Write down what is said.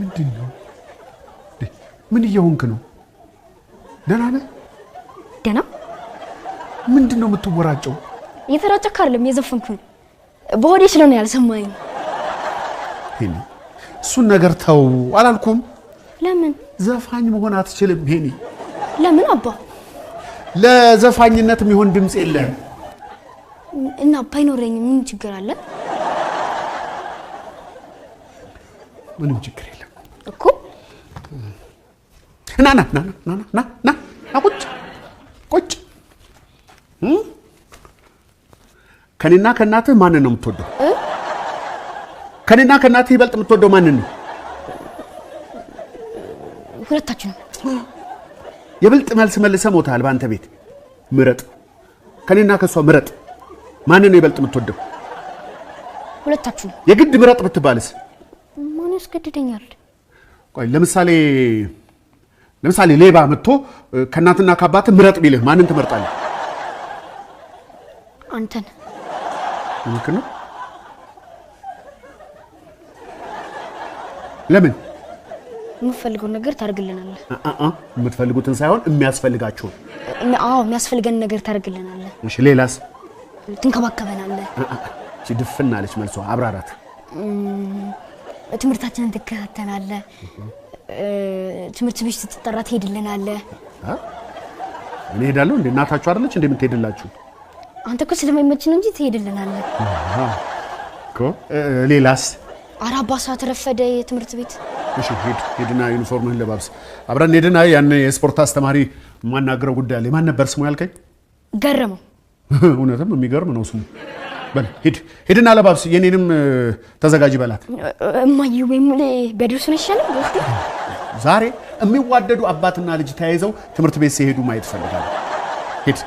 ምንድን ነው? ምን እየሆንክ ነው? ደህና ነህ? ደህና። ምንድን ነው የምትወራጨው? እየተራጨክ አይደለም፣ እየዘፈንኩ ነው። በሆዴ ስለሆነ ያልሰማኝ ሄኒ። እሱን ነገር ተው አላልኩም። ለምን ዘፋኝ መሆን አትችልም ሄኒ? ለምን አባ? ለዘፋኝነት የሚሆን ድምፅ የለም እና ባይኖረኝም ምን ችግር አለ? ምንም ችግር የለም እኮ ና ና ና ና ና ና ና ቁጭ ቁጭ። ከኔና ከእናትህ ማንን ነው የምትወደው? ከኔና ከእናትህ ይበልጥ የምትወደው ማንን ነው? ሁለታችሁ ነው። የብልጥ መልስ መልሰ ሞታል። በአንተ ቤት ምረጥ፣ ከኔና ከእሷ ምረጥ። ማንን ነው ይበልጥ የምትወደው? ሁለታችሁ የግድ ምረጥ ብትባልስ ያስገድደኛል። ለምሳሌ ለምሳሌ ሌባ መጥቶ ከእናትና ከአባት ምረጥ ቢልህ ማንን ትመርጣለህ? አንተን ነው። ለምን? የምፈልገውን ነገር ታደርግልናለህ። የምትፈልጉትን ሳይሆን የሚያስፈልጋችሁን። አዎ የሚያስፈልገን ነገር ታደርግልናለህ። እሺ፣ ሌላስ? ትንከባከበናለህ። ድፍን አለች መልሷ። አብራራት ትምህርታችንን ትከታተላለህ፣ ትምህርት ቤት ስትጠራ ትሄድልናለህ። እኔ እሄዳለሁ እንዴ? እናታችሁ አይደለች እንዴ የምትሄድላችሁ? አንተ እኮ ስለማይመች ነው እንጂ ትሄድልናለህ እኮ። ሌላስ? ኧረ አባ ሰዓት ረፈደ የትምህርት ቤት። እሺ ሂድ ሂድና ዩኒፎርምህን ለባብስ። አብረን ሄድና ያን የስፖርት አስተማሪ የማናግረው ጉዳይ አለ። የማን ነበር ስሙ ያልከኝ? ገረመው። እውነትም የሚገርም ነው ስሙ። ሂድ ሂድና ለባብስ፣ የኔንም ተዘጋጅ በላት። እማዬ ወይም በደርስ ነሻለ ዛሬ የሚዋደዱ አባትና ልጅ ተያይዘው ትምህርት ቤት ሲሄዱ ማየት እፈልጋለሁ። ሂድ